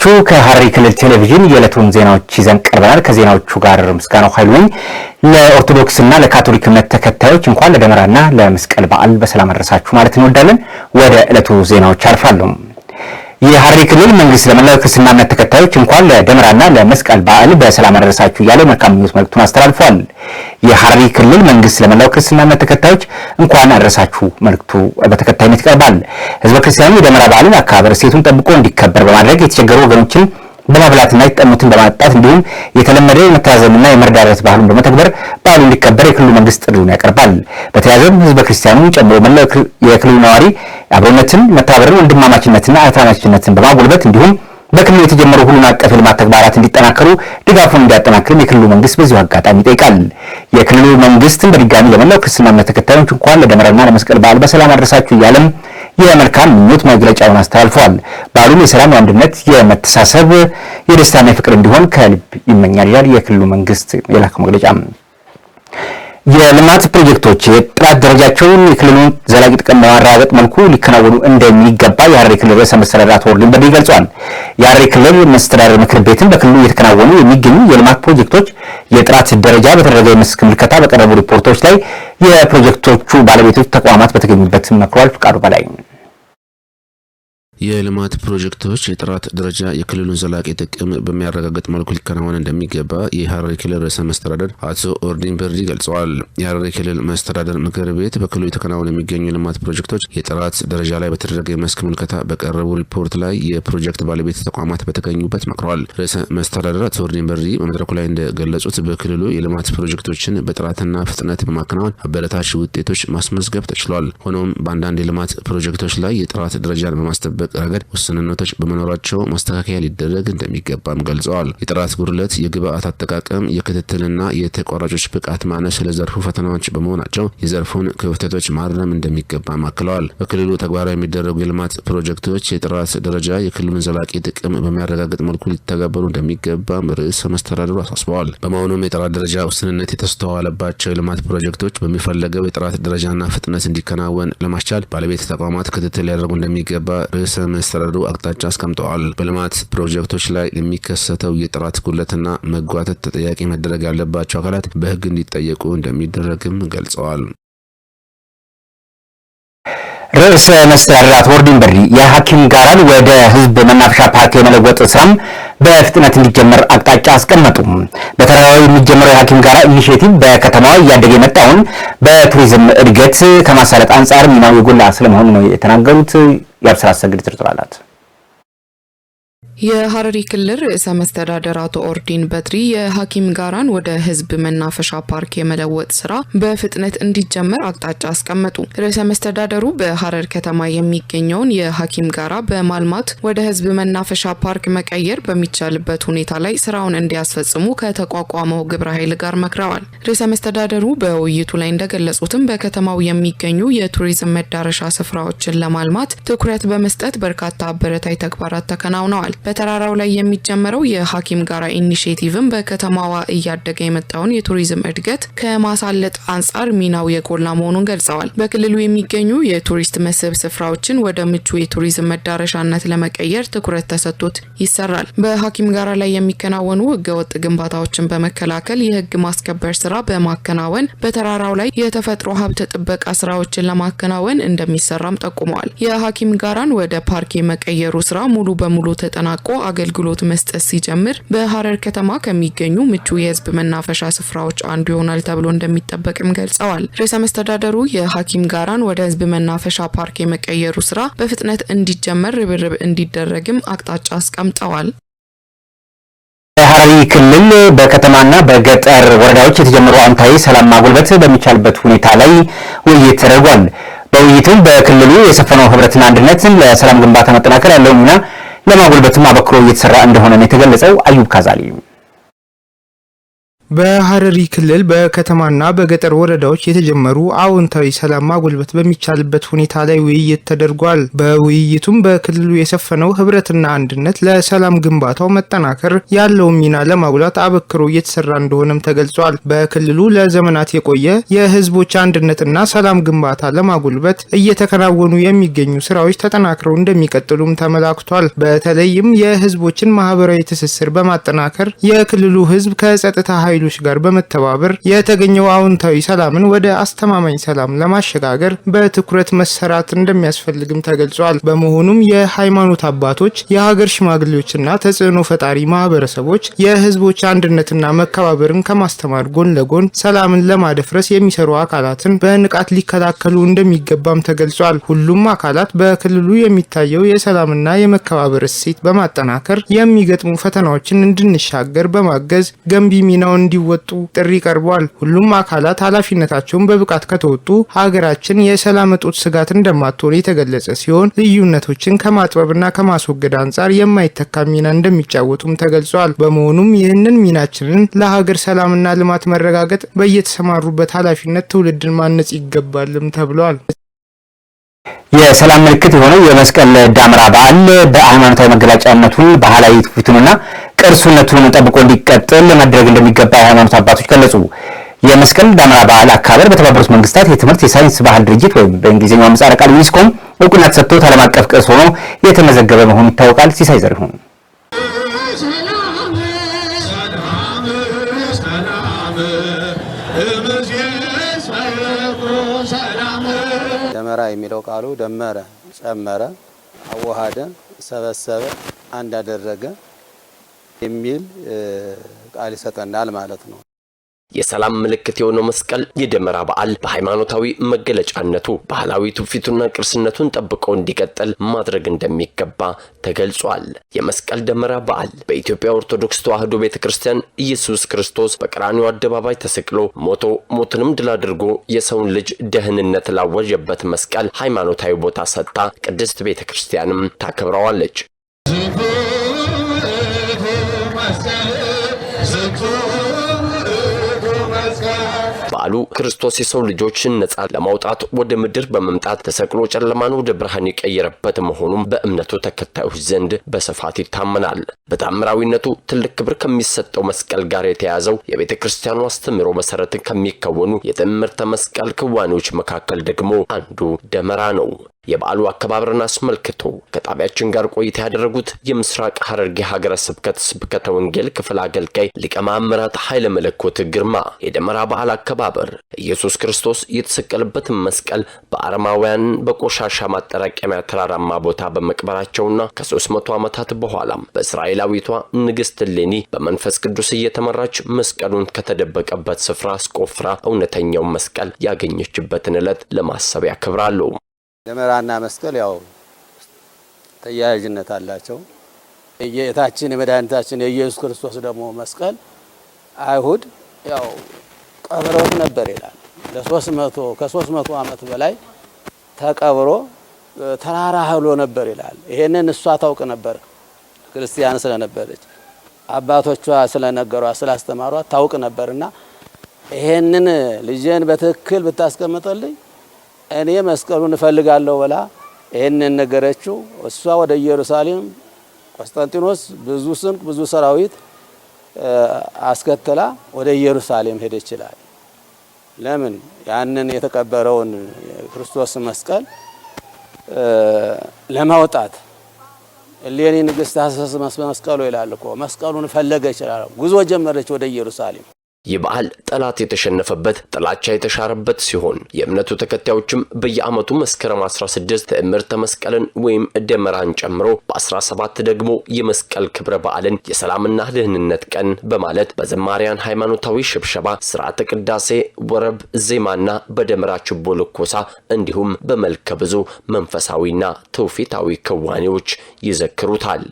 እንደምናላችሁ ከሐረሪ ክልል ቴሌቪዥን የዕለቱን ዜናዎች ይዘን ቀርበናል። ከዜናዎቹ ጋር ምስጋናው ኃይሉ ነኝ። ለኦርቶዶክስና ለካቶሊክ እምነት ተከታዮች እንኳን ለደመራና ለመስቀል በዓል በሰላም አድረሳችሁ ማለት እንወዳለን። ወደ ዕለቱ ዜናዎች አልፋለሁ። የሐረሪ ክልል መንግስት ለመላው ክርስትና እምነት ተከታዮች እንኳን ለደመራና ለመስቀል በዓል በሰላም አደረሳችሁ እያለ መልካም ምኞት መልእክቱን አስተላልፏል። የሐረሪ ክልል መንግስት ለመላው ክርስትና እምነት ተከታዮች እንኳን አደረሳችሁ መልእክቱ በተከታይነት ይቀርባል። ህዝበ ክርስቲያኑ የደመራ በዓልን አከባበር እሴቱን ጠብቆ እንዲከበር በማድረግ የተቸገሩ ወገኖችን በማብላትና የተጠሙትን በማጠጣት እንዲሁም የተለመደ የመተዛዘንና የመረዳዳት ባህሉን በመተግበር በዓሉ እንዲከበር የክልሉ መንግስት ጥሪውን ያቀርባል። በተያያዘም ህዝበ ክርስቲያኑ ጨምሮ መላው የክልሉ ነዋሪ አብሮነትን፣ መተባበርን፣ ወንድማማችነትና እህትማማችነትን በማጎልበት እንዲሁም በክልሉ የተጀመሩ ሁሉን አቀፍ የልማት ተግባራት እንዲጠናከሩ ድጋፉን እንዲያጠናክርም የክልሉ መንግስት በዚሁ አጋጣሚ ይጠይቃል። የክልሉ መንግስትን በድጋሚ ለመላው ክርስትና እምነት ተከታዮች እንኳን ለደመራና ለመስቀል በዓል በሰላም አድረሳችሁ እያለም የመልካም ምኞት መግለጫውን አስተላልፏል። በዓሉም የሰላም የአንድነት፣ የመተሳሰብ፣ የደስታና የፍቅር እንዲሆን ከልብ ይመኛል ይላል የክልሉ መንግስት የላከው መግለጫ። የልማት ፕሮጀክቶች የጥራት ደረጃቸውን የክልሉን ዘላቂ ጥቅም በማረጋገጥ መልኩ ሊከናወኑ እንደሚገባ የሐረሪ ክልል ርዕሰ መስተዳድር አቶ ወርቅነህ በድሪ ገልጿል። የሐረሪ ክልል መስተዳደር ምክር ቤትም በክልሉ እየተከናወኑ የሚገኙ የልማት ፕሮጀክቶች የጥራት ደረጃ በተደረገ የመስክ ምልከታ በቀረቡ ሪፖርቶች ላይ የፕሮጀክቶቹ ባለቤቶች ተቋማት በተገኙበት መክሯል። ፍቃዱ በላይ የልማት ፕሮጀክቶች የጥራት ደረጃ የክልሉን ዘላቂ ጥቅም በሚያረጋግጥ መልኩ ሊከናወን እንደሚገባ የሀረሪ ክልል ርዕሰ መስተዳደር አቶ ኦርዲን በርዲ ገልጸዋል። የሀረሪ ክልል መስተዳደር ምክር ቤት በክልሉ የተከናወኑ የሚገኙ የልማት ፕሮጀክቶች የጥራት ደረጃ ላይ በተደረገ የመስክ ምልከታ በቀረቡ ሪፖርት ላይ የፕሮጀክት ባለቤት ተቋማት በተገኙበት መክረዋል። ርዕሰ መስተዳደር አቶ ኦርዲን በርዲ በመድረኩ ላይ እንደገለጹት በክልሉ የልማት ፕሮጀክቶችን በጥራትና ፍጥነት በማከናወን አበረታች ውጤቶች ማስመዝገብ ተችሏል። ሆኖም በአንዳንድ የልማት ፕሮጀክቶች ላይ የጥራት ደረጃን በማስጠበቅ በማስመረቅ ረገድ ውስንነቶች በመኖራቸው ማስተካከያ ሊደረግ እንደሚገባም ገልጸዋል። የጥራት ጉድለት፣ የግብአት አጠቃቀም፣ የክትትልና የተቋራጮች ብቃት ማነስ ለዘርፉ ፈተናዎች በመሆናቸው የዘርፉን ክፍተቶች ማረም እንደሚገባም አክለዋል። በክልሉ ተግባራዊ የሚደረጉ የልማት ፕሮጀክቶች የጥራት ደረጃ የክልሉን ዘላቂ ጥቅም በሚያረጋግጥ መልኩ ሊተገበሩ እንደሚገባም ርዕሰ መስተዳድሩ አሳስበዋል። በመሆኑም የጥራት ደረጃ ውስንነት የተስተዋለባቸው የልማት ፕሮጀክቶች በሚፈለገው የጥራት ደረጃና ፍጥነት እንዲከናወን ለማስቻል ባለቤት ተቋማት ክትትል ሊያደርጉ እንደሚገባ ርዕሰ ርዕሰ መስተዳድሩ አቅጣጫ አስቀምጠዋል። በልማት ፕሮጀክቶች ላይ የሚከሰተው የጥራት ጉለትና መጓተት ተጠያቂ መደረግ ያለባቸው አካላት በሕግ እንዲጠየቁ እንደሚደረግም ገልጸዋል። ርዕሰ መስተዳድር አቶ ወርዲ እምበሪ የሐኪም ጋራን ወደ ህዝብ መናፈሻ ፓርክ የመለወጥ ስራም በፍጥነት እንዲጀመር አቅጣጫ አስቀመጡ። በተራራው የሚጀመረው የሐኪም ጋራ ኢኒሽቲቭ በከተማ እያደገ የመጣውን በቱሪዝም እድገት ከማሳለጥ አንጻር ሚናው የጎላ ስለመሆኑ ነው የተናገሩት። የአብስራ አሰግድ ዝርዝር አላት። የሐረሪ ክልል ርዕሰ መስተዳደር አቶ ኦርዲን በትሪ የሐኪም ጋራን ወደ ህዝብ መናፈሻ ፓርክ የመለወጥ ስራ በፍጥነት እንዲጀመር አቅጣጫ አስቀመጡ። ርዕሰ መስተዳደሩ በሐረር ከተማ የሚገኘውን የሐኪም ጋራ በማልማት ወደ ህዝብ መናፈሻ ፓርክ መቀየር በሚቻልበት ሁኔታ ላይ ስራውን እንዲያስፈጽሙ ከተቋቋመው ግብረ ኃይል ጋር መክረዋል። ርዕሰ መስተዳደሩ በውይይቱ ላይ እንደገለጹትም በከተማው የሚገኙ የቱሪዝም መዳረሻ ስፍራዎችን ለማልማት ትኩረት በመስጠት በርካታ አበረታይ ተግባራት ተከናውነዋል። በተራራው ላይ የሚጀመረው የሀኪም ጋራ ኢኒሽቲቭም በከተማዋ እያደገ የመጣውን የቱሪዝም እድገት ከማሳለጥ አንጻር ሚናው የጎላ መሆኑን ገልጸዋል። በክልሉ የሚገኙ የቱሪስት መስህብ ስፍራዎችን ወደ ምቹ የቱሪዝም መዳረሻነት ለመቀየር ትኩረት ተሰጥቶት ይሰራል። በሀኪም ጋራ ላይ የሚከናወኑ ህገወጥ ግንባታዎችን በመከላከል የህግ ማስከበር ስራ በማከናወን በተራራው ላይ የተፈጥሮ ሀብት ጥበቃ ስራዎችን ለማከናወን እንደሚሰራም ጠቁመዋል። የሀኪም ጋራን ወደ ፓርክ የመቀየሩ ስራ ሙሉ በሙሉ ተጠና። ተጠናቆ አገልግሎት መስጠት ሲጀምር በሀረር ከተማ ከሚገኙ ምቹ የህዝብ መናፈሻ ስፍራዎች አንዱ ይሆናል ተብሎ እንደሚጠበቅም ገልጸዋል። ርዕሰ መስተዳደሩ የሀኪም ጋራን ወደ ህዝብ መናፈሻ ፓርክ የመቀየሩ ስራ በፍጥነት እንዲጀመር ርብርብ እንዲደረግም አቅጣጫ አስቀምጠዋል። በሀረሪ ክልል በከተማና በገጠር ወረዳዎች የተጀመሩ አዎንታዊ ሰላም ማጎልበት በሚቻልበት ሁኔታ ላይ ውይይት ተደርጓል። በውይይቱም በክልሉ የሰፈነው ህብረትና አንድነት ለሰላም ግንባታ መጠናከር ያለው ሚና ለማጉልበትም አበክሮ እየተሰራ እንደሆነ ነው የተገለጸው። አዩብ ካዛሊ በሐረሪ ክልል በከተማና በገጠር ወረዳዎች የተጀመሩ አዎንታዊ ሰላም ማጎልበት በሚቻልበት ሁኔታ ላይ ውይይት ተደርጓል። በውይይቱም በክልሉ የሰፈነው ህብረትና አንድነት ለሰላም ግንባታው መጠናከር ያለውን ሚና ለማጉላት አበክሮ እየተሰራ እንደሆነም ተገልጿል። በክልሉ ለዘመናት የቆየ የህዝቦች አንድነትና ሰላም ግንባታ ለማጎልበት እየተከናወኑ የሚገኙ ስራዎች ተጠናክረው እንደሚቀጥሉም ተመላክቷል። በተለይም የህዝቦችን ማህበራዊ ትስስር በማጠናከር የክልሉ ህዝብ ከጸጥታ ኃይሉ ኃይሎች ጋር በመተባበር የተገኘው አዎንታዊ ሰላምን ወደ አስተማማኝ ሰላም ለማሸጋገር በትኩረት መሰራት እንደሚያስፈልግም ተገልጿል። በመሆኑም የሃይማኖት አባቶች፣ የሀገር ሽማግሌዎችና ተጽዕኖ ፈጣሪ ማህበረሰቦች የህዝቦች አንድነትና መከባበርን ከማስተማር ጎን ለጎን ሰላምን ለማደፍረስ የሚሰሩ አካላትን በንቃት ሊከላከሉ እንደሚገባም ተገልጿል። ሁሉም አካላት በክልሉ የሚታየው የሰላምና የመከባበር እሴት በማጠናከር የሚገጥሙ ፈተናዎችን እንድንሻገር በማገዝ ገንቢ ሚናውን እንዲወጡ ጥሪ ቀርቧል። ሁሉም አካላት ኃላፊነታቸውን በብቃት ከተወጡ ሀገራችን የሰላም እጦት ስጋት እንደማትሆን የተገለጸ ሲሆን ልዩነቶችን ከማጥበብና ከማስወገድ አንጻር የማይተካ ሚና እንደሚጫወቱም ተገልጿል። በመሆኑም ይህንን ሚናችንን ለሀገር ሰላምና ልማት መረጋገጥ በየተሰማሩበት ኃላፊነት ትውልድን ማነጽ ይገባልም ተብሏል። የሰላም ምልክት የሆነው የመስቀል ደመራ በዓል በሃይማኖታዊ መገለጫነቱ ባህላዊ ትውፊቱንና ቅርስነቱን ጠብቆ እንዲቀጥል ለማድረግ እንደሚገባ የሃይማኖት አባቶች ገለጹ። የመስቀል ደመራ በዓል አከባበር በተባበሩት መንግስታት የትምህርት የሳይንስ ባህል ድርጅት ወይም በእንግሊዝኛው ምህጻረ ቃል ዩኒስኮም እውቅና ተሰጥቶት ዓለም አቀፍ ቅርስ ሆኖ የተመዘገበ መሆኑ ይታወቃል። ሲሳይ ዘሪሁን ደመራ የሚለው ቃሉ ደመረ፣ ጨመረ፣ አዋሃደ፣ ሰበሰበ፣ አንድ አደረገ የሚል ቃል ይሰጠናል ማለት ነው። የሰላም ምልክት የሆነው መስቀል የደመራ በዓል በሃይማኖታዊ መገለጫነቱ ባህላዊ ትውፊቱና ቅርስነቱን ጠብቆ እንዲቀጥል ማድረግ እንደሚገባ ተገልጿል። የመስቀል ደመራ በዓል በኢትዮጵያ ኦርቶዶክስ ተዋሕዶ ቤተ ክርስቲያን ኢየሱስ ክርስቶስ በቀራኒው አደባባይ ተሰቅሎ ሞቶ ሞትንም ድል አድርጎ የሰውን ልጅ ደህንነት ላወጀበት መስቀል ሃይማኖታዊ ቦታ ሰጥታ ቅድስት ቤተ ክርስቲያንም ታከብረዋለች። በዓሉ ክርስቶስ የሰው ልጆችን ነጻ ለማውጣት ወደ ምድር በመምጣት ተሰቅሎ ጨለማን ወደ ብርሃን የቀየረበት መሆኑም በእምነቱ ተከታዮች ዘንድ በስፋት ይታመናል። በታምራዊነቱ ትልቅ ክብር ከሚሰጠው መስቀል ጋር የተያዘው የቤተ ክርስቲያኑ አስተምሮ መሰረትን ከሚከወኑ የትምህርተ መስቀል ክዋኔዎች መካከል ደግሞ አንዱ ደመራ ነው። የበዓሉ አከባበርን አስመልክቶ ከጣቢያችን ጋር ቆይታ ያደረጉት የምስራቅ ሐረርጌ ሀገረ ስብከት ስብከተ ወንጌል ክፍል አገልጋይ ሊቀ ማእምራት ኃይለ መለኮት ግርማ የደመራ በዓል አከባበር ኢየሱስ ክርስቶስ የተሰቀለበትን መስቀል በአረማውያን በቆሻሻ ማጠራቀሚያ ተራራማ ቦታ በመቅበራቸውና ከ መቶ ዓመታት በኋላም በእስራኤላዊቷ ንግሥት ሌኒ በመንፈስ ቅዱስ እየተመራች መስቀሉን ከተደበቀበት ስፍራ አስቆፍራ እውነተኛውን መስቀል ያገኘችበትን ዕለት ለማሰብ ያከብራሉ። ደመራና መስቀል ያው ተያያዥነት አላቸው። የጌታችን የመድኃኒታችን የኢየሱስ ክርስቶስ ደግሞ መስቀል አይሁድ ያው ቀብረውት ነበር ይላል። ለሶስት መቶ ከሶስት መቶ ዓመት በላይ ተቀብሮ ተራራ ህሎ ነበር ይላል። ይሄንን እሷ ታውቅ ነበር፣ ክርስቲያን ስለነበረች አባቶቿ ስለነገሯ ስላስተማሯት ታውቅ ነበርና ይሄንን ልጄን በትክክል ብታስቀምጠልኝ እኔ መስቀሉን እፈልጋለሁ ብላ ይህንን ነገረችው። እሷ ወደ ኢየሩሳሌም ቆስጠንጢኖስ ብዙ ስንቅ ብዙ ሰራዊት አስከትላ ወደ ኢየሩሳሌም ሄደ ይችላል። ለምን ያንን የተቀበረውን የክርስቶስ መስቀል ለማውጣት እሌኒ ንግሥት ሀሰስ መስቀሉ ይላል እኮ መስቀሉን ፈለገ ይችላል። ጉዞ ጀመረች ወደ ኢየሩሳሌም። ይህ በዓል ጠላት የተሸነፈበት ጥላቻ የተሻረበት ሲሆን የእምነቱ ተከታዮችም በየዓመቱ መስከረም 16 ትዕምርተ መስቀልን ወይም ደመራን ጨምሮ በ17 ደግሞ የመስቀል ክብረ በዓልን የሰላምና ደህንነት ቀን በማለት በዘማሪያን ሃይማኖታዊ ሽብሸባ፣ ስርዓተ ቅዳሴ፣ ወረብ ዜማና በደመራ ችቦ ልኮሳ እንዲሁም በመልከ ብዙ መንፈሳዊና ትውፊታዊ ክዋኔዎች ይዘክሩታል።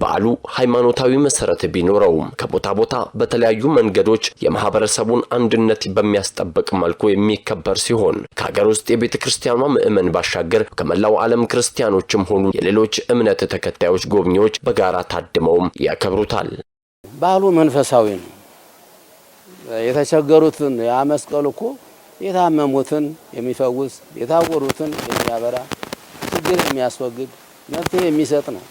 በዓሉ ሃይማኖታዊ መሰረት ቢኖረውም ከቦታ ቦታ በተለያዩ መንገዶች የማህበረሰቡን አንድነት በሚያስጠብቅ መልኩ የሚከበር ሲሆን ከሀገር ውስጥ የቤተ ክርስቲያኗ ምዕመን ባሻገር ከመላው ዓለም ክርስቲያኖችም ሆኑ የሌሎች እምነት ተከታዮች ጎብኚዎች በጋራ ታድመውም ያከብሩታል። በዓሉ መንፈሳዊ ነው። የተቸገሩትን ያመስቀል እኮ የታመሙትን የሚፈውስ የታወሩትን የሚያበራ ችግር የሚያስወግድ መፍትሄ የሚሰጥ ነው።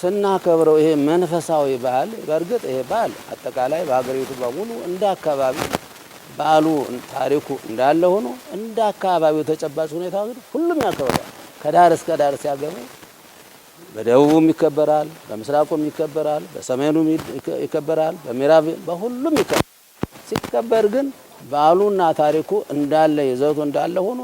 ስናከብረው ይሄ መንፈሳዊ በዓል በእርግጥ ይሄ በዓል አጠቃላይ በሀገሪቱ በሙሉ እንደ አካባቢ በዓሉ ታሪኩ እንዳለ ሆኖ እንደ አካባቢው ተጨባጭ ሁኔታ ግን ሁሉም ያከብረዋል። ከዳር እስከ ዳር ሲያገቡ በደቡቡም ይከበራል፣ በምስራቁም ይከበራል፣ በሰሜኑም ይከበራል፣ በምዕራብ በሁሉም ይከበራል። ሲከበር ግን በዓሉና ታሪኩ እንዳለ ይዘቱ እንዳለ ሆኖ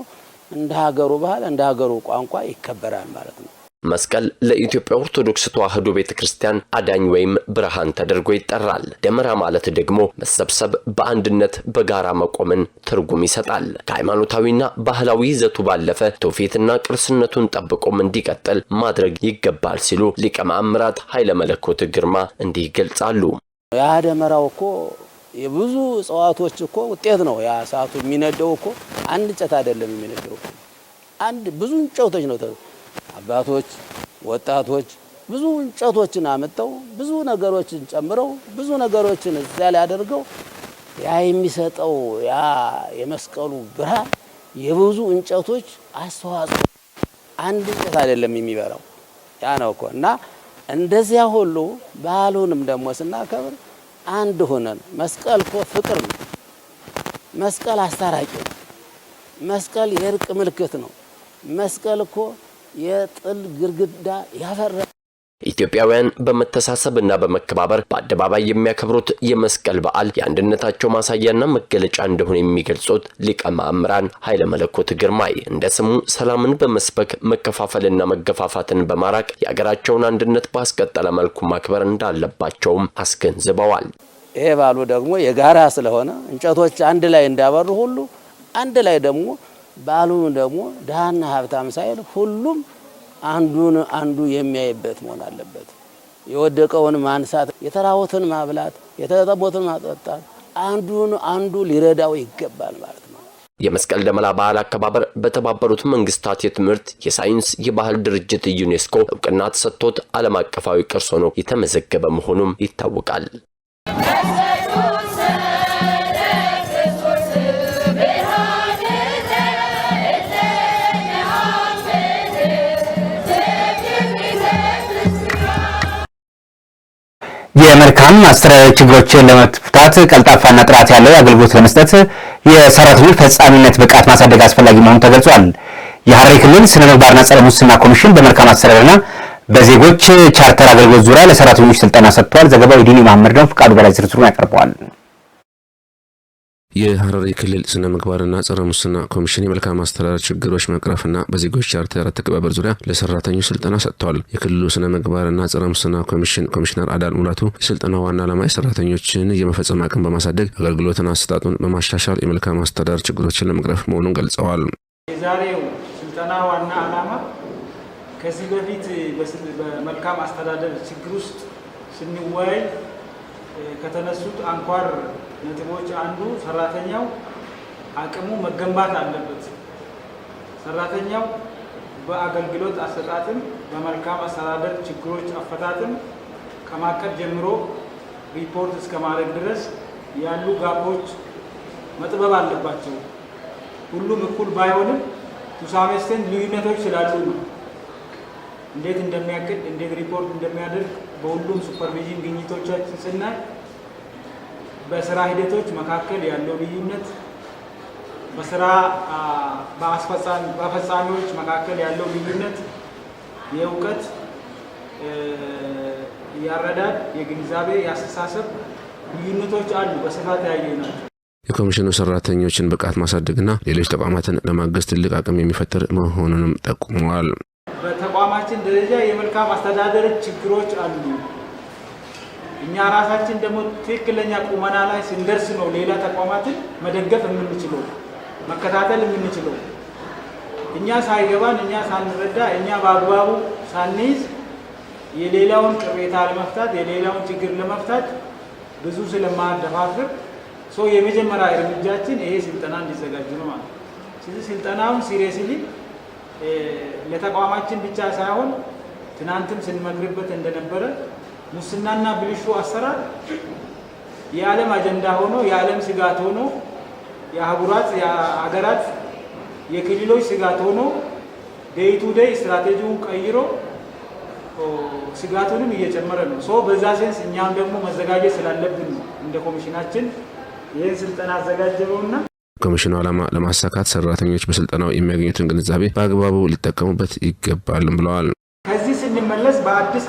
እንደ ሀገሩ ባህል እንደ ሀገሩ ቋንቋ ይከበራል ማለት ነው። መስቀል ለኢትዮጵያ ኦርቶዶክስ ተዋሕዶ ቤተ ክርስቲያን አዳኝ ወይም ብርሃን ተደርጎ ይጠራል። ደመራ ማለት ደግሞ መሰብሰብ፣ በአንድነት በጋራ መቆምን ትርጉም ይሰጣል። ከሃይማኖታዊና ባህላዊ ይዘቱ ባለፈ ትውፊትና ቅርስነቱን ጠብቆም እንዲቀጥል ማድረግ ይገባል ሲሉ ሊቀ ማእምራት ኃይለ መለኮት ግርማ እንዲህ ይገልጻሉ። ያ ደመራው እኮ የብዙ እጽዋቶች እኮ ውጤት ነው። ያ ሰዓቱ የሚነደው እኮ አንድ እንጨት አይደለም። የሚነደው አንድ ብዙ እንጨቶች ነው አባቶች፣ ወጣቶች ብዙ እንጨቶችን አመጣው ብዙ ነገሮችን ጨምረው ብዙ ነገሮችን እዛ ላይ አድርገው ያ የሚሰጠው ያ የመስቀሉ ብርሃን የብዙ እንጨቶች አስተዋጽኦ አንድ እንጨት አይደለም የሚበራው። ያ ነው እኮ እና እንደዚያ ሁሉ ባህሉንም ደግሞ ስናከብር አንድ ሆነን መስቀል እኮ ፍቅር ነው። መስቀል አስታራቂ ነው። መስቀል የእርቅ ምልክት ነው። መስቀል እኮ የጥል ግርግዳ ያፈረ ኢትዮጵያውያን በመተሳሰብና በመከባበር በአደባባይ የሚያከብሩት የመስቀል በዓል የአንድነታቸው ማሳያና መገለጫ እንደሆነ የሚገልጹት ሊቀ ማእምራን ኃይለ መለኮት ግርማይ እንደ ስሙ ሰላምን በመስበክ መከፋፈልና መገፋፋትን በማራቅ የአገራቸውን አንድነት ባስቀጠለ መልኩ ማክበር እንዳለባቸውም አስገንዝበዋል። ይሄ ባሉ ደግሞ የጋራ ስለሆነ እንጨቶች አንድ ላይ እንዳበሩ ሁሉ አንድ ላይ ደግሞ ባሉ ደግሞ ድሃና ሀብታም ሳይል ሁሉም አንዱን አንዱ የሚያይበት መሆን አለበት። የወደቀውን ማንሳት፣ የተራቡትን ማብላት፣ የተጠሙትን ማጠጣት አንዱን አንዱ ሊረዳው ይገባል ማለት ነው። የመስቀል ደመላ በዓል አከባበር በተባበሩት መንግስታት የትምህርት፣ የሳይንስ፣ የባህል ድርጅት ዩኔስኮ እውቅና ተሰጥቶት ዓለም አቀፋዊ ቅርስ ሆኖ የተመዘገበ መሆኑም ይታወቃል። የመልካም አስተዳደር ችግሮችን ለመፍታት ቀልጣፋና ጥራት ያለው አገልግሎት ለመስጠት የሰራተኞች ፈጻሚነት ብቃት ማሳደግ አስፈላጊ መሆኑ ተገልጿል። የሐረሪ ክልል ስነ ምግባርና ጸረ ሙስና ኮሚሽን በመልካም አስተዳደርና በዜጎች ቻርተር አገልግሎት ዙሪያ ለሰራተኞች ስልጠና ሰጥቷል። ዘገባው የዲኒ መሐመድ ነው። ፈቃዱ በላይ ዝርዝሩን ያቀርበዋል። የሐረሪ ክልል ስነ ምግባርና ጸረ ሙስና ኮሚሽን የመልካም አስተዳደር ችግሮች መቅረፍና በዜጎች ቻርተር አተገባበር ዙሪያ ለሰራተኞች ስልጠና ሰጥተዋል። የክልሉ ስነ ምግባርና ጸረ ሙስና ኮሚሽን ኮሚሽነር አዳል ሙላቱ የስልጠናው ዋና ዓላማ የሰራተኞችን የመፈጸም አቅም በማሳደግ አገልግሎትን አሰጣጡን በማሻሻል የመልካም አስተዳደር ችግሮችን ለመቅረፍ መሆኑን ገልጸዋል። የዛሬው ስልጠና ዋና ዓላማ ከዚህ በፊት በመልካም አስተዳደር ችግር ውስጥ ስንወያይ ከተነሱት አንኳር ነጥቦች አንዱ ሰራተኛው አቅሙ መገንባት አለበት። ሰራተኛው በአገልግሎት አሰጣጥም በመልካም አስተዳደር ችግሮች አፈታትን ከማቀድ ጀምሮ ሪፖርት እስከ ማድረግ ድረስ ያሉ ጋቦች መጥበብ አለባቸው። ሁሉም እኩል ባይሆንም ቱሳሜስቴን ልዩነቶች ስላሉ ነው። እንዴት እንደሚያቅድ እንዴት ሪፖርት እንደሚያደርግ በሁሉም ሱፐርቪዥን ግኝቶቻችን ስናይ በስራ ሂደቶች መካከል ያለው ልዩነት፣ በስራ በአስፈጻሚዎች መካከል ያለው ልዩነት፣ የእውቀት ያረዳድ፣ የግንዛቤ፣ የአስተሳሰብ ልዩነቶች አሉ። በስፋት ያየ ናቸው። የኮሚሽኑ ሰራተኞችን ብቃት ማሳደግና ሌሎች ተቋማትን ለማገዝ ትልቅ አቅም የሚፈጥር መሆኑንም ጠቁመዋል። በተቋማችን ደረጃ የመልካም አስተዳደር ችግሮች አሉ። እኛ ራሳችን ደግሞ ትክክለኛ ቁመና ላይ ስንደርስ ነው ሌላ ተቋማትን መደገፍ የምንችለው መከታተል የምንችለው። እኛ ሳይገባን፣ እኛ ሳንረዳ፣ እኛ በአግባቡ ሳንይዝ የሌላውን ቅሬታ ለመፍታት የሌላውን ችግር ለመፍታት ብዙ ስለማደፋፍር ሰው የመጀመሪያ እርምጃችን ይሄ ስልጠና እንዲዘጋጅ ነው ማለት ነው። ስለዚህ ስልጠናውን ሲሪየስሊ ለተቋማችን ብቻ ሳይሆን ትናንትም ስንመክርበት እንደነበረ ሙስናና ብልሹ አሰራር የዓለም አጀንዳ ሆኖ የዓለም ስጋት ሆኖ የአህጉራት የአገራት የክልሎች ስጋት ሆኖ ደይ ቱ ደይ ስትራቴጂውን ቀይሮ ስጋቱንም እየጨመረ ነው። ሶ በዛ ሴንስ እኛም ደግሞ መዘጋጀት ስላለብን ነው እንደ ኮሚሽናችን ይህን ስልጠና አዘጋጀነውና ኮሚሽኑ ዓላማ ለማሳካት ሰራተኞች በስልጠናው የሚያገኙትን ግንዛቤ በአግባቡ ሊጠቀሙበት ይገባልም ብለዋል። ከዚህ ስንመለስ በአዲስ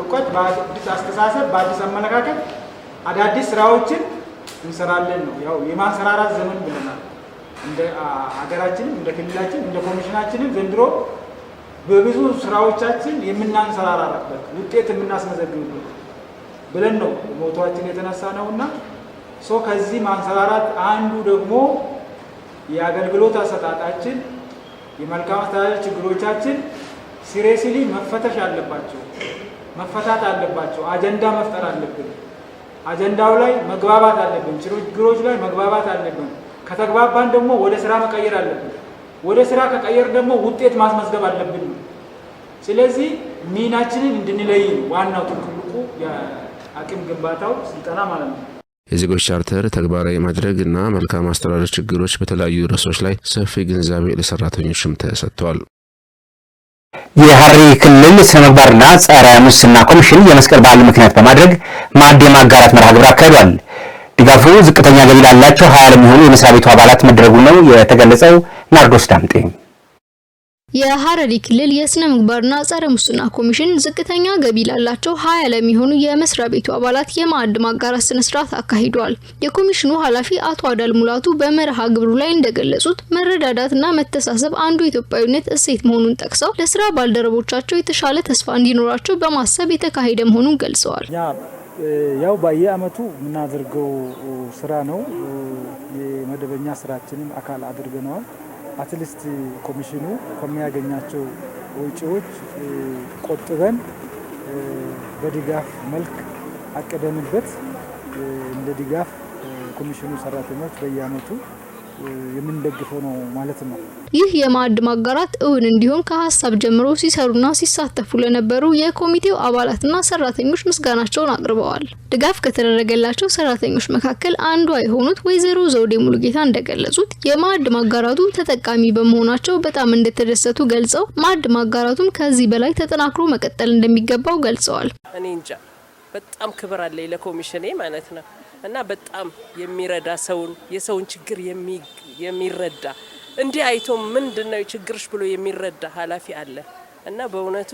እውቀት፣ በአዲስ አስተሳሰብ፣ በአዲስ አመለካከት አዳዲስ ስራዎችን እንሰራለን ነው። ያው የማንሰራራት ዘመን ብለናል። እንደ ሀገራችንም እንደ ክልላችን እንደ ኮሚሽናችንም ዘንድሮ በብዙ ስራዎቻችን የምናንሰራራበት ውጤት የምናስመዘግብበት ብለን ነው ሞቷችን የተነሳ ነው እና ሶ ከዚህ ማንሰራራት አንዱ ደግሞ የአገልግሎት አሰጣጣችን የመልካም አስተዳደር ችግሮቻችን ሲሬሲሊ መፈተሽ አለባቸው፣ መፈታት አለባቸው። አጀንዳ መፍጠር አለብን። አጀንዳው ላይ መግባባት አለብን። ችግሮች ላይ መግባባት አለብን። ከተግባባን ደግሞ ወደ ስራ መቀየር አለብን። ወደ ስራ ከቀየር ደግሞ ውጤት ማስመዝገብ አለብን። ስለዚህ ሚናችንን እንድንለይ ዋናው ትልቁ የአቅም ግንባታው ስልጠና ማለት ነው። የዜጎች ቻርተር ተግባራዊ ማድረግ እና መልካም አስተዳደር ችግሮች በተለያዩ ርዕሶች ላይ ሰፊ ግንዛቤ ለሰራተኞችም ተሰጥተዋል። የሐረሪ ክልል ስነ ምግባርና ጸረ ሙስና ኮሚሽን የመስቀል በዓል ምክንያት በማድረግ ማዕድ የማጋራት መርሃ ግብር አካሂዷል። ድጋፉ ዝቅተኛ ገቢ ላላቸው ሀያ ለሚሆኑ የመስሪያ ቤቱ አባላት መደረጉ ነው የተገለጸው። ናርዶስ ዳምጤ የሐረሪ ክልል የስነ ምግባርና ጸረ ሙስና ኮሚሽን ዝቅተኛ ገቢ ላላቸው ሀያ ለሚሆኑ የመስሪያ ቤቱ አባላት የማዕድ ማጋራት ስነ ስርዓት አካሂዷል። የኮሚሽኑ ኃላፊ አቶ አዳል ሙላቱ በመርሃ ግብሩ ላይ እንደገለጹት መረዳዳትና መተሳሰብ አንዱ ኢትዮጵያዊነት እሴት መሆኑን ጠቅሰው ለስራ ባልደረቦቻቸው የተሻለ ተስፋ እንዲኖራቸው በማሰብ የተካሄደ መሆኑን ገልጸዋል። ያው በየአመቱ የምናደርገው ስራ ነው። የመደበኛ ስራችንን አካል አድርገነዋል። አትሊስት ኮሚሽኑ ከሚያገኛቸው ወጪዎች ቆጥበን በድጋፍ መልክ አቅደንበት እንደ ድጋፍ ኮሚሽኑ ሰራተኞች በየአመቱ የምንደግፈው ነው ማለት ነው። ይህ የማዕድ ማጋራት እውን እንዲሆን ከሀሳብ ጀምሮ ሲሰሩና ሲሳተፉ ለነበሩ የኮሚቴው አባላትና ሰራተኞች ምስጋናቸውን አቅርበዋል። ድጋፍ ከተደረገላቸው ሰራተኞች መካከል አንዷ የሆኑት ወይዘሮ ዘውዴ ሙሉጌታ እንደገለጹት የማዕድ ማጋራቱ ተጠቃሚ በመሆናቸው በጣም እንደተደሰቱ ገልጸው ማዕድ ማጋራቱም ከዚህ በላይ ተጠናክሮ መቀጠል እንደሚገባው ገልጸዋል። እኔ እንጃ በጣም ክብር አለኝ ለኮሚሽኔ ማለት ነው እና በጣም የሚረዳ ሰውን የሰውን ችግር የሚረዳ እንዲህ አይቶ ምንድን ነው ችግርሽ ብሎ የሚረዳ ኃላፊ አለ እና በእውነቱ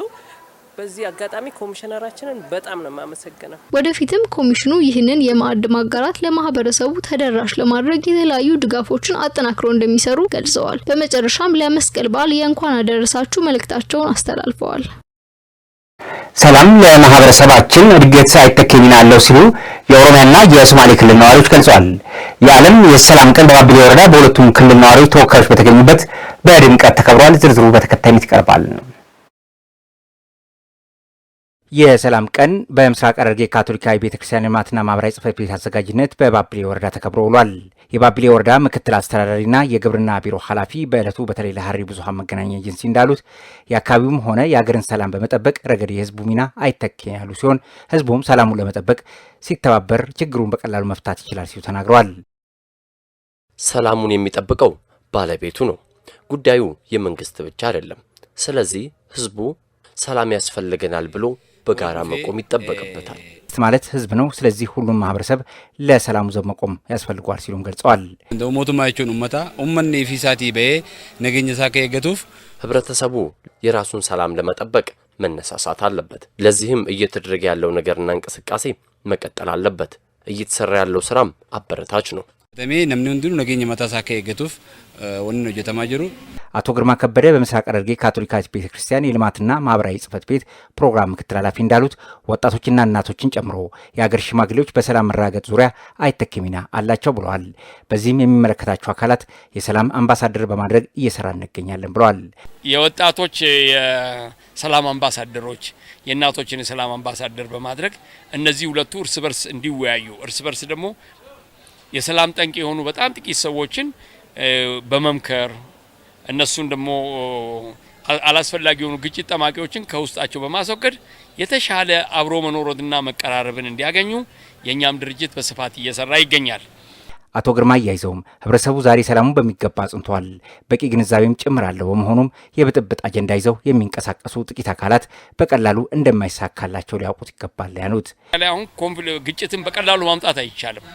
በዚህ አጋጣሚ ኮሚሽነራችንን በጣም ነው የማመሰግነው። ወደፊትም ኮሚሽኑ ይህንን የማዕድ ማጋራት ለማህበረሰቡ ተደራሽ ለማድረግ የተለያዩ ድጋፎችን አጠናክረው እንደሚሰሩ ገልጸዋል። በመጨረሻም ለመስቀል በዓል የእንኳን አደረሳችሁ መልእክታቸውን አስተላልፈዋል። ሰላም ለማህበረሰባችን እድገት አይተኬ ሚና አለው ሲሉ የኦሮሚያና የሶማሌ ክልል ነዋሪዎች ገልጸዋል። የዓለም የሰላም ቀን በባቢሌ ወረዳ በሁለቱም ክልል ነዋሪዎች ተወካዮች በተገኙበት በድምቀት ተከብሯል። ዝርዝሩ በተከታይነት ይቀርባል። የሰላም ቀን በምስራቅ ሐረርጌ ካቶሊካዊ ቤተክርስቲያን ልማትና ማህበራዊ ጽሕፈት ቤት አዘጋጅነት በባብሌ ወረዳ ተከብሮ ውሏል። የባብሌ ወረዳ ምክትል አስተዳዳሪና የግብርና ቢሮ ኃላፊ በዕለቱ በተለይ ለሐረሪ ብዙሃን መገናኛ ኤጀንሲ እንዳሉት የአካባቢውም ሆነ የአገርን ሰላም በመጠበቅ ረገድ የህዝቡ ሚና አይተኬ ያሉ ሲሆን ህዝቡም ሰላሙን ለመጠበቅ ሲተባበር ችግሩን በቀላሉ መፍታት ይችላል ሲሉ ተናግረዋል። ሰላሙን የሚጠብቀው ባለቤቱ ነው። ጉዳዩ የመንግስት ብቻ አይደለም። ስለዚህ ህዝቡ ሰላም ያስፈልገናል ብሎ በጋራ መቆም ይጠበቅበታል። ማለት ህዝብ ነው። ስለዚህ ሁሉም ማህበረሰብ ለሰላሙ ዘብ መቆም ያስፈልጓል ሲሉም ገልጸዋል። ሞቱ ቹን ኡመታ ኡመን ፊሳቲ በየ ነገኘ ከየገቱፍ ህብረተሰቡ የራሱን ሰላም ለመጠበቅ መነሳሳት አለበት። ለዚህም እየተደረገ ያለው ነገርና እንቅስቃሴ መቀጠል አለበት። እየተሰራ ያለው ስራም አበረታች ነው። namni hundinuu nageenya mataasaa akka ወን ነው hojjetamaa ጀሩ አቶ ግርማ ከበደ በምስራቅ ሐረርጌ ካቶሊካዊት ቤተ ክርስቲያን የልማትና ማህበራዊ ጽሕፈት ቤት ፕሮግራም ምክትል ኃላፊ እንዳሉት ወጣቶችና እናቶችን ጨምሮ የሀገር ሽማግሌዎች በሰላም መራገጥ ዙሪያ አይተክ ሚና አላቸው ብለዋል። በዚህም የሚመለከታቸው አካላት የሰላም አምባሳደር በማድረግ እየሰራ እንገኛለን ብለዋል። የወጣቶች የሰላም አምባሳደሮች፣ የእናቶችን የሰላም አምባሳደር በማድረግ እነዚህ ሁለቱ እርስ በርስ እንዲወያዩ እርስ በርስ ደግሞ የሰላም ጠንቅ የሆኑ በጣም ጥቂት ሰዎችን በመምከር እነሱን ደግሞ አላስፈላጊ የሆኑ ግጭት ጠማቂዎችን ከውስጣቸው በማስወገድ የተሻለ አብሮ መኖሮትና መቀራረብን እንዲያገኙ የእኛም ድርጅት በስፋት እየሰራ ይገኛል። አቶ ግርማ አያይዘውም ህብረተሰቡ ዛሬ ሰላሙን በሚገባ አጽንቷል፣ በቂ ግንዛቤም ጭምር አለው። በመሆኑም የብጥብጥ አጀንዳ ይዘው የሚንቀሳቀሱ ጥቂት አካላት በቀላሉ እንደማይሳካላቸው ሊያውቁት ይገባል ያሉት አሁን ግጭትን በቀላሉ ማምጣት አይቻልም።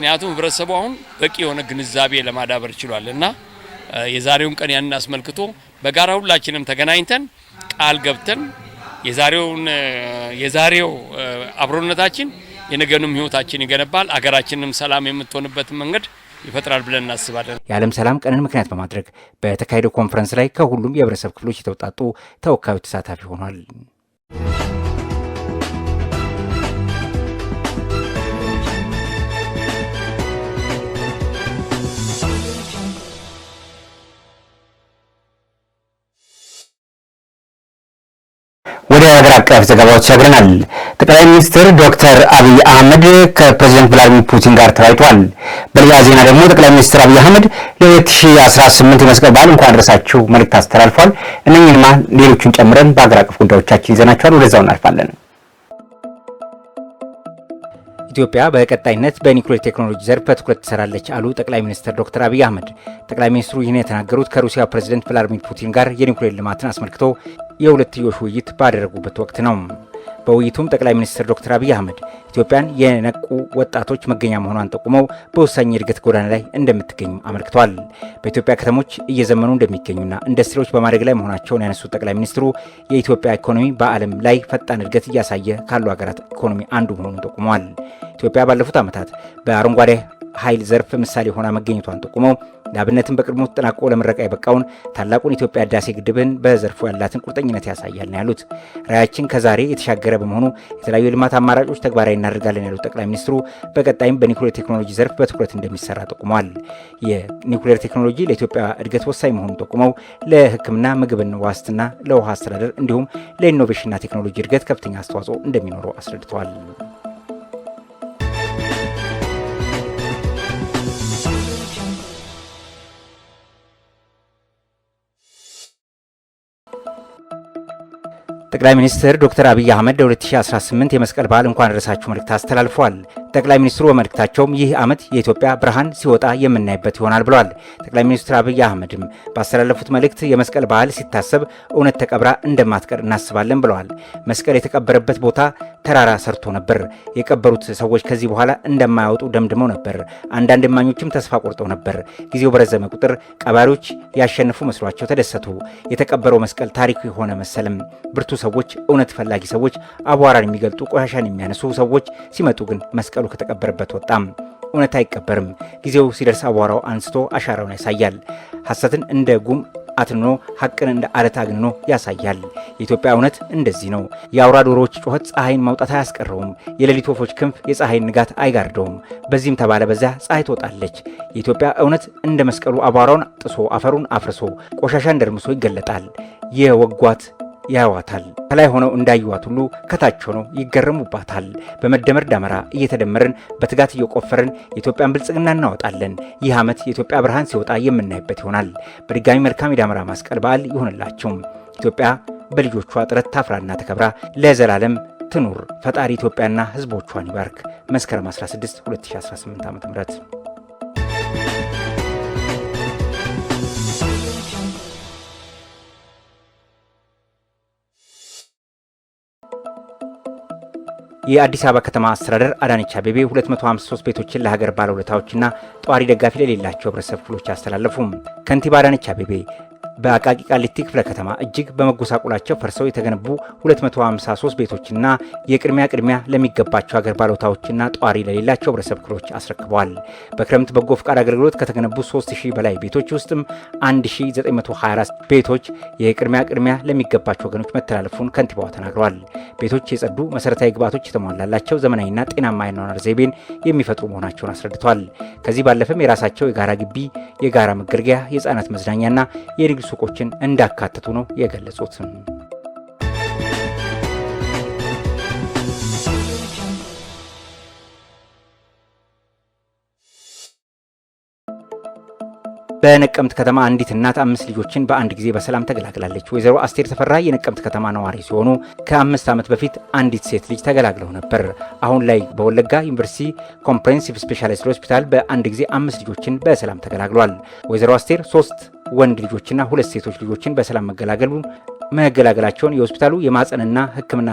ምክንያቱም ህብረተሰቡ አሁን በቂ የሆነ ግንዛቤ ለማዳበር ችሏል እና የዛሬውን ቀን ያንን አስመልክቶ በጋራ ሁላችንም ተገናኝተን ቃል ገብተን የዛሬውን የዛሬው አብሮነታችን የነገኑም ህይወታችን ይገነባል፣ አገራችንም ሰላም የምትሆንበትን መንገድ ይፈጥራል ብለን እናስባለን። የዓለም ሰላም ቀንን ምክንያት በማድረግ በተካሄደው ኮንፈረንስ ላይ ከሁሉም የህብረተሰብ ክፍሎች የተውጣጡ ተወካዮች ተሳታፊ ሆኗል። አቀፍ ዘገባዎች ያብረናል። ጠቅላይ ሚኒስትር ዶክተር አብይ አህመድ ከፕሬዚደንት ቭላዲሚር ፑቲን ጋር ተወያይቷል። በሌላ ዜና ደግሞ ጠቅላይ ሚኒስትር አብይ አህመድ ለ2018 የመስቀል በዓል እንኳን አደረሳችሁ መልእክት አስተላልፏል። እነኝንማ ሌሎቹን ጨምረን በአገር አቀፍ ጉዳዮቻችን ይዘናቸዋል። ወደዛው እናልፋለን። ኢትዮጵያ በቀጣይነት በኒውክሌር ቴክኖሎጂ ዘርፍ በትኩረት ትሰራለች አሉ ጠቅላይ ሚኒስትር ዶክተር አብይ አህመድ። ጠቅላይ ሚኒስትሩ ይህን የተናገሩት ከሩሲያ ፕሬዝደንት ቭላዲሚር ፑቲን ጋር የኒውክሌር ልማትን አስመልክቶ የሁለትዮሽ ውይይት ባደረጉበት ወቅት ነው። በውይይቱም ጠቅላይ ሚኒስትር ዶክተር አብይ አህመድ ኢትዮጵያን የነቁ ወጣቶች መገኛ መሆኗን ጠቁመው በወሳኝ የእድገት ጎዳና ላይ እንደምትገኝ አመልክተዋል። በኢትዮጵያ ከተሞች እየዘመኑ እንደሚገኙና ኢንዱስትሪዎች በማደግ ላይ መሆናቸውን ያነሱት ጠቅላይ ሚኒስትሩ የኢትዮጵያ ኢኮኖሚ በዓለም ላይ ፈጣን እድገት እያሳየ ካሉ ሀገራት ኢኮኖሚ አንዱ መሆኑን ጠቁመዋል። ኢትዮጵያ ባለፉት ዓመታት በአረንጓዴ ኃይል ዘርፍ ምሳሌ ሆና መገኘቷን ጠቁመው ለአብነትም በቅድሞ ተጠናቆ ለምረቃ የበቃውን ታላቁን ኢትዮጵያ ህዳሴ ግድብን በዘርፉ ያላትን ቁርጠኝነት ያሳያል ነው ያሉት። ራያችን ከዛሬ የተሻገረ በመሆኑ የተለያዩ የልማት አማራጮች ተግባራዊ እናደርጋለን ያሉት ጠቅላይ ሚኒስትሩ በቀጣይም በኒኩሌር ቴክኖሎጂ ዘርፍ በትኩረት እንደሚሰራ ጠቁመዋል። የኒኩሌር ቴክኖሎጂ ለኢትዮጵያ እድገት ወሳኝ መሆኑን ጠቁመው ለሕክምና ምግብን ዋስትና፣ ለውሃ አስተዳደር እንዲሁም ለኢኖቬሽንና ቴክኖሎጂ እድገት ከፍተኛ አስተዋጽኦ እንደሚኖረው አስረድተዋል። ጠቅላይ ሚኒስትር ዶክተር አብይ አህመድ ለ2018 የመስቀል በዓል እንኳን አደረሳችሁ መልእክት አስተላልፈዋል። ጠቅላይ ሚኒስትሩ በመልእክታቸውም ይህ ዓመት የኢትዮጵያ ብርሃን ሲወጣ የምናይበት ይሆናል ብለዋል። ጠቅላይ ሚኒስትር አብይ አህመድም ባስተላለፉት መልእክት የመስቀል በዓል ሲታሰብ እውነት ተቀብራ እንደማትቀር እናስባለን ብለዋል። መስቀል የተቀበረበት ቦታ ተራራ ሰርቶ ነበር። የቀበሩት ሰዎች ከዚህ በኋላ እንደማያወጡ ደምድመው ነበር። አንዳንድ እማኞችም ተስፋ ቆርጠው ነበር። ጊዜው በረዘመ ቁጥር ቀባሪዎች ያሸነፉ መስሏቸው ተደሰቱ። የተቀበረው መስቀል ታሪክ የሆነ መሰልም ብርቱ ሰው ሰዎች፣ እውነት ፈላጊ ሰዎች፣ አቧራን የሚገልጡ ቆሻሻን የሚያነሱ ሰዎች ሲመጡ ግን መስቀሉ ከተቀበረበት ወጣም። እውነት አይቀበርም። ጊዜው ሲደርስ አቧራው አንስቶ አሻራውን ያሳያል። ሐሰትን እንደ ጉም አትንኖ ሐቅን እንደ አለት አግንኖ ያሳያል። የኢትዮጵያ እውነት እንደዚህ ነው። የአውራ ዶሮዎች ጩኸት ፀሐይን ማውጣት አያስቀረውም። የሌሊት ወፎች ክንፍ የፀሐይን ንጋት አይጋርደውም። በዚህም ተባለ በዚያ ፀሐይ ትወጣለች። የኢትዮጵያ እውነት እንደ መስቀሉ አቧራውን ጥሶ አፈሩን አፍርሶ ቆሻሻን ደርምሶ ይገለጣል። የወጓት ያዩዋታል። ከላይ ሆነው እንዳዩዋት ሁሉ ከታች ሆነው ይገረሙባታል። በመደመር ዳመራ እየተደመርን በትጋት እየቆፈርን የኢትዮጵያን ብልጽግና እናወጣለን። ይህ ዓመት የኢትዮጵያ ብርሃን ሲወጣ የምናይበት ይሆናል። በድጋሚ መልካም የዳመራ ማስቀል በዓል ይሆንላቸው። ኢትዮጵያ በልጆቿ ጥረት ታፍራና ተከብራ ለዘላለም ትኑር። ፈጣሪ ኢትዮጵያና ሕዝቦቿን ይባርክ። መስከረም 16 2018 ዓ.ም የአዲስ አበባ ከተማ አስተዳደር አዳነች አቤቤ 253 ቤቶችን ለሀገር ባለውለታዎችና ጠዋሪ ደጋፊ ለሌላቸው ህብረተሰብ ክፍሎች አስተላለፉም። ከንቲባ አዳነች አቤቤ በአቃቂ ቃሊቲ ክፍለ ከተማ እጅግ በመጎሳቁላቸው ፈርሰው የተገነቡ 253 ቤቶችና የቅድሚያ ቅድሚያ ለሚገባቸው ሀገር ባለውታዎችና ጧሪ ለሌላቸው ህብረተሰብ ክፍሎች አስረክበዋል። በክረምት በጎ ፍቃድ አገልግሎት ከተገነቡ 3000 በላይ ቤቶች ውስጥም 1924 ቤቶች የቅድሚያ ቅድሚያ ለሚገባቸው ወገኖች መተላለፉን ከንቲባዋ ተናግረዋል። ቤቶች የጸዱ፣ መሰረታዊ ግብዓቶች የተሟላላቸው፣ ዘመናዊና ጤናማ የኗኗር ዘይቤን የሚፈጥሩ መሆናቸውን አስረድተዋል። ከዚህ ባለፈም የራሳቸው የጋራ ግቢ፣ የጋራ መገልገያ፣ የህፃናት መዝናኛና የንግድ ሱቆችን እንዳካተቱ ነው የገለጹት። በነቀምት ከተማ አንዲት እናት አምስት ልጆችን በአንድ ጊዜ በሰላም ተገላግላለች። ወይዘሮ አስቴር ተፈራ የነቀምት ከተማ ነዋሪ ሲሆኑ ከአምስት ዓመት በፊት አንዲት ሴት ልጅ ተገላግለው ነበር። አሁን ላይ በወለጋ ዩኒቨርሲቲ ኮምፕሬንሲቭ ስፔሻላይስት ሆስፒታል በአንድ ጊዜ አምስት ልጆችን በሰላም ተገላግሏል። ወይዘሮ አስቴር ሶስት ወንድ ልጆችና ሁለት ሴቶች ልጆችን በሰላም መገላገሉ መገላገላቸውን የሆስፒታሉ የማፀንና ሕክምና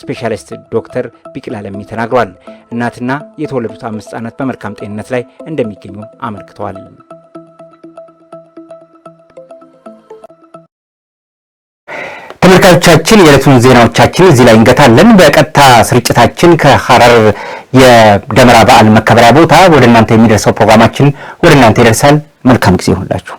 ስፔሻሊስት ዶክተር ቢቅላ ለሚ ተናግሯል። እናትና የተወለዱት አምስት ህጻናት በመልካም ጤንነት ላይ እንደሚገኙ አመልክተዋል። ተመልካቾቻችን የዕለቱን ዜናዎቻችን እዚህ ላይ እንገታለን። በቀጥታ ስርጭታችን ከሐረር የደመራ በዓል መከበሪያ ቦታ ወደ እናንተ የሚደርሰው ፕሮግራማችን ወደ እናንተ ይደርሳል። መልካም ጊዜ ይሁንላችሁ።